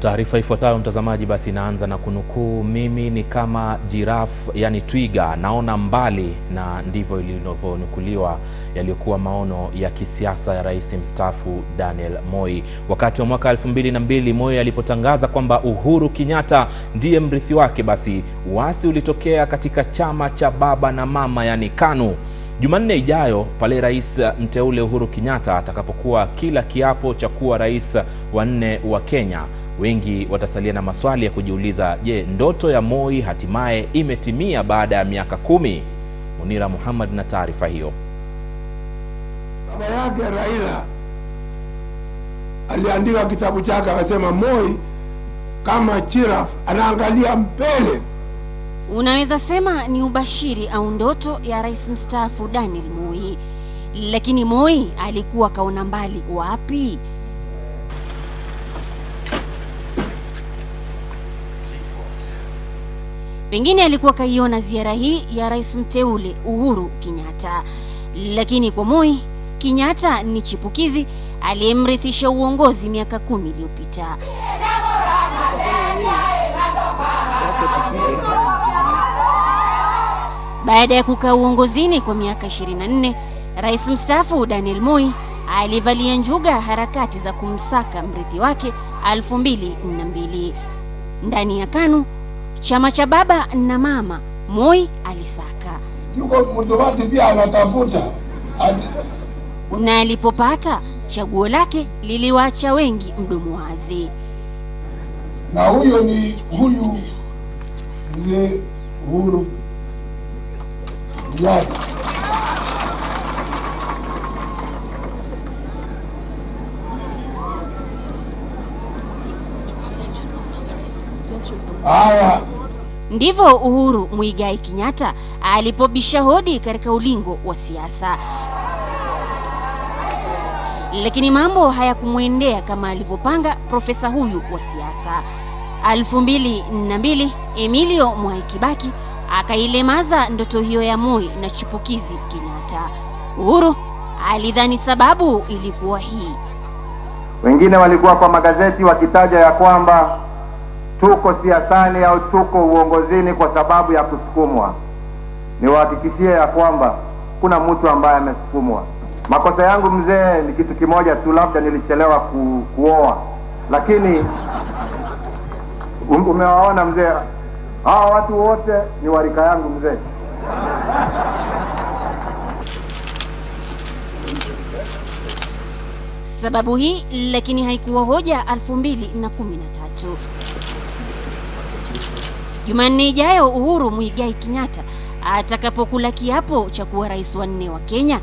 Taarifa ifuatayo mtazamaji, basi inaanza na kunukuu, mimi ni kama jiraf yani twiga, naona mbali. Na ndivyo ilivyonukuliwa yaliyokuwa maono ya kisiasa ya rais mstaafu Daniel Moi wakati wa mwaka elfu mbili na mbili Moi alipotangaza kwamba Uhuru Kenyatta ndiye mrithi wake. Basi wasi ulitokea katika chama cha baba na mama, yani KANU. Jumanne ijayo pale rais uh, mteule Uhuru Kenyatta atakapokuwa kila kiapo cha kuwa rais uh, wa nne wa Kenya, wengi watasalia na maswali ya kujiuliza, je, ndoto ya Moi hatimaye imetimia baada ya miaka kumi? Munira Muhammad na taarifa hiyo. Baba yake Raila aliandika kitabu chake akasema, Moi kama chiraf anaangalia mbele. Unaweza sema ni ubashiri au ndoto ya rais mstaafu Daniel Moi. Lakini Moi alikuwa kaona mbali wapi? Pengine alikuwa kaiona ziara hii ya rais mteule Uhuru Kenyatta. Lakini kwa Moi, Kenyatta ni chipukizi aliyemrithisha uongozi miaka kumi iliyopita. Baada ya kukaa uongozini kwa miaka 24, rais mstaafu Daniel Moi alivalia njuga harakati za kumsaka mrithi wake 2002. Ndani ya KANU chama cha baba na mama, Moi alisaka, yuko mtu pia anatafuta Ad... na alipopata chaguo lake liliwaacha wengi mdomo wazi. Na huyo ni huyu mzee Uhuru yake. Haya, ndivyo Uhuru Muigai Kenyatta alipobisha hodi katika ulingo wa siasa, lakini mambo hayakumwendea kama alivyopanga profesa huyu wa siasa. elfu Emilio Mwai Kibaki akailemaza ndoto hiyo ya Moi na chipukizi Kenyatta. Uhuru alidhani sababu ilikuwa hii. Wengine walikuwa kwa magazeti wakitaja ya kwamba tuko siasani au tuko uongozini kwa sababu ya kusukumwa. Niwahakikishie ya kwamba kuna mtu ambaye amesukumwa. Makosa yangu mzee ni kitu kimoja tu, labda nilichelewa ku, kuoa, lakini um-, umewaona mzee hawa watu wote ni warika yangu mzee. Sababu hii lakini haikuwa hoja 2013. Jumanne ijayo Uhuru Muigai Kenyatta atakapokula kiapo cha kuwa rais wa nne wa Kenya,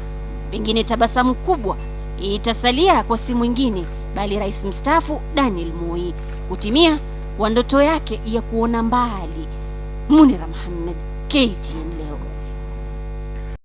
pengine tabasamu kubwa itasalia kwa si mwingine bali rais mstaafu Daniel Moi kutimia wa ndoto yake ya kuona mbali. Munira Muhammad, KTN leo.